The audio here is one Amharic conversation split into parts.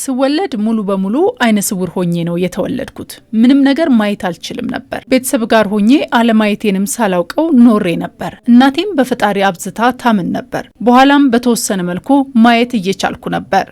ስወለድ ሙሉ በሙሉ አይነ ስውር ሆኜ ነው የተወለድኩት። ምንም ነገር ማየት አልችልም ነበር። ቤተሰብ ጋር ሆኜ አለማየቴንም ሳላውቀው ኖሬ ነበር። እናቴም በፈጣሪ አብዝታ ታምን ነበር። በኋላም በተወሰነ መልኩ ማየት እየቻልኩ ነበር።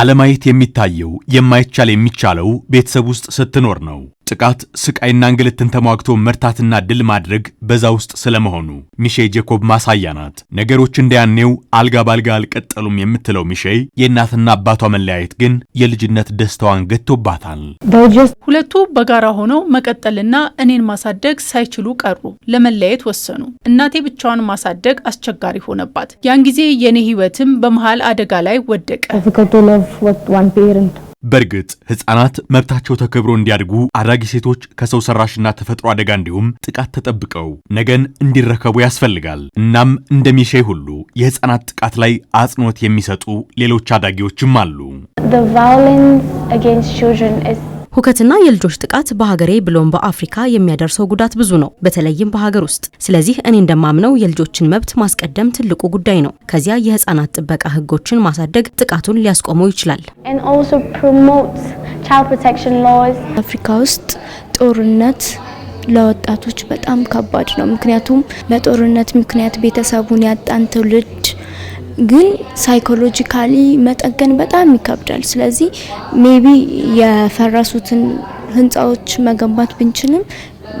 አለማየት የሚታየው የማይቻል የሚቻለው ቤተሰብ ውስጥ ስትኖር ነው። ጥቃት፣ ስቃይና እንግልትን ተሟግቶ መርታትና ድል ማድረግ በዛ ውስጥ ስለመሆኑ ሚሼ ጄኮብ ማሳያ ናት። ነገሮች እንደያኔው አልጋ ባልጋ አልቀጠሉም የምትለው ሚሼ የእናትና አባቷ መለያየት ግን የልጅነት ደስታዋን ገቶባታል። ሁለቱ በጋራ ሆነው መቀጠልና እኔን ማሳደግ ሳይችሉ ቀሩ። ለመለያየት ወሰኑ። እናቴ ብቻዋን ማሳደግ አስቸጋሪ ሆነባት። ያን ጊዜ የኔ ህይወትም በመሀል አደጋ ላይ ወደቀ። በእርግጥ ህፃናት መብታቸው ተከብሮ እንዲያድጉ አዳጊ ሴቶች ከሰው ሰራሽና ተፈጥሮ አደጋ እንዲሁም ጥቃት ተጠብቀው ነገን እንዲረከቡ ያስፈልጋል። እናም እንደ ሚሼ ሁሉ የህፃናት ጥቃት ላይ አጽንኦት የሚሰጡ ሌሎች አዳጊዎችም አሉ። ሁከትና የልጆች ጥቃት በሀገሬ ብሎም በአፍሪካ የሚያደርሰው ጉዳት ብዙ ነው፣ በተለይም በሀገር ውስጥ። ስለዚህ እኔ እንደማምነው የልጆችን መብት ማስቀደም ትልቁ ጉዳይ ነው። ከዚያ የህፃናት ጥበቃ ህጎችን ማሳደግ ጥቃቱን ሊያስቆመው ይችላል። አፍሪካ ውስጥ ጦርነት ለወጣቶች በጣም ከባድ ነው። ምክንያቱም በጦርነት ምክንያት ቤተሰቡን ያጣን ትውልድ ግን ሳይኮሎጂካሊ መጠገን በጣም ይከብዳል። ስለዚህ ሜቢ የፈረሱትን ህንፃዎች መገንባት ብንችልም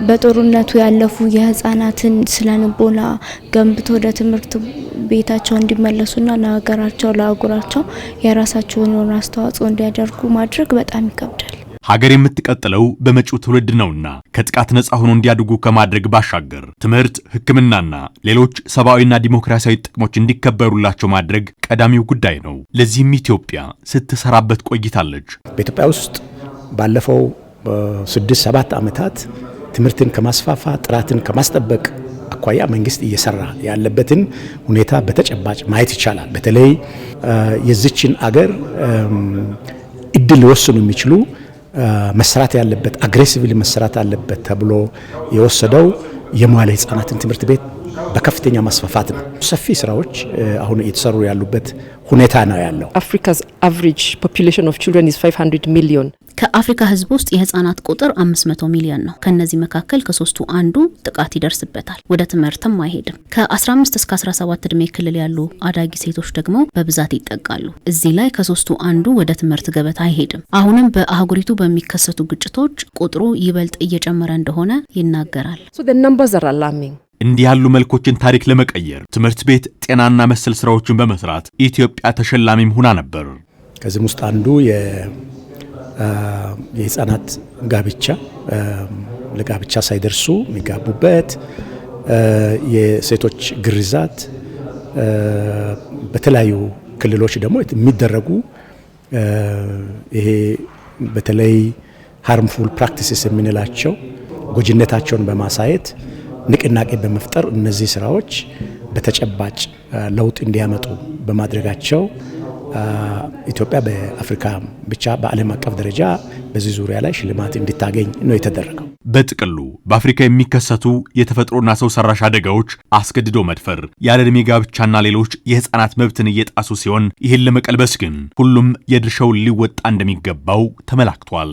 በጦርነቱ ያለፉ የህፃናትን ስነ ገንብቶ ወደ ትምህርት ቤታቸው እንዲመለሱና ለሀገራቸው ለአህጉራቸው የራሳቸውን የሆነ አስተዋጽኦ እንዲያደርጉ ማድረግ በጣም ይከብዳል። ሀገር የምትቀጥለው በመጪው ትውልድ ነውና ከጥቃት ነፃ ሆኖ እንዲያድጉ ከማድረግ ባሻገር ትምህርት፣ ሕክምናና ሌሎች ሰብአዊና ዲሞክራሲያዊ ጥቅሞች እንዲከበሩላቸው ማድረግ ቀዳሚው ጉዳይ ነው። ለዚህም ኢትዮጵያ ስትሰራበት ቆይታለች። በኢትዮጵያ ውስጥ ባለፈው ስድስት ሰባት ዓመታት ትምህርትን ከማስፋፋ ጥራትን ከማስጠበቅ አኳያ መንግስት እየሰራ ያለበትን ሁኔታ በተጨባጭ ማየት ይቻላል። በተለይ የዚችን አገር እድል ሊወስኑ የሚችሉ መሰራት ያለበት አግሬሲቭሊ መሰራት አለበት ተብሎ የወሰደው የመዋለ ህጻናትን ትምህርት ቤት በከፍተኛ ማስፋፋት ነው። ሰፊ ስራዎች አሁን እየተሰሩ ያሉበት ሁኔታ ነው ያለው። አፍሪካስ አቨሬጅ ፖፑሌሽን ኦፍ ችልድረን ኢዝ 500 ሚሊዮን። ከአፍሪካ ህዝብ ውስጥ የህጻናት ቁጥር 500 ሚሊዮን ነው። ከነዚህ መካከል ከሶስቱ አንዱ ጥቃት ይደርስበታል፣ ወደ ትምህርትም አይሄድም። ከ15 እስከ 17 እድሜ ክልል ያሉ አዳጊ ሴቶች ደግሞ በብዛት ይጠቃሉ። እዚህ ላይ ከሶስቱ አንዱ ወደ ትምህርት ገበታ አይሄድም። አሁንም በአህጉሪቱ በሚከሰቱ ግጭቶች ቁጥሩ ይበልጥ እየጨመረ እንደሆነ ይናገራል። እንዲህ ያሉ መልኮችን ታሪክ ለመቀየር ትምህርት ቤት፣ ጤናና መሰል ስራዎችን በመስራት ኢትዮጵያ ተሸላሚም ሁና ነበር። ከዚህም ውስጥ አንዱ የህፃናት ጋብቻ ለጋብቻ ሳይደርሱ የሚጋቡበት የሴቶች ግርዛት በተለያዩ ክልሎች ደግሞ የሚደረጉ ይሄ በተለይ ሃርምፉል ፕራክቲስስ የምንላቸው ጎጂነታቸውን በማሳየት ንቅናቄ በመፍጠር እነዚህ ስራዎች በተጨባጭ ለውጥ እንዲያመጡ በማድረጋቸው ኢትዮጵያ በአፍሪካ ብቻ በዓለም አቀፍ ደረጃ በዚህ ዙሪያ ላይ ሽልማት እንድታገኝ ነው የተደረገው። በጥቅሉ በአፍሪካ የሚከሰቱ የተፈጥሮና ሰው ሰራሽ አደጋዎች አስገድዶ መድፈር፣ ያለ ዕድሜ ጋብቻና ሌሎች የህፃናት መብትን እየጣሱ ሲሆን፣ ይህን ለመቀልበስ ግን ሁሉም የድርሻውን ሊወጣ እንደሚገባው ተመላክቷል።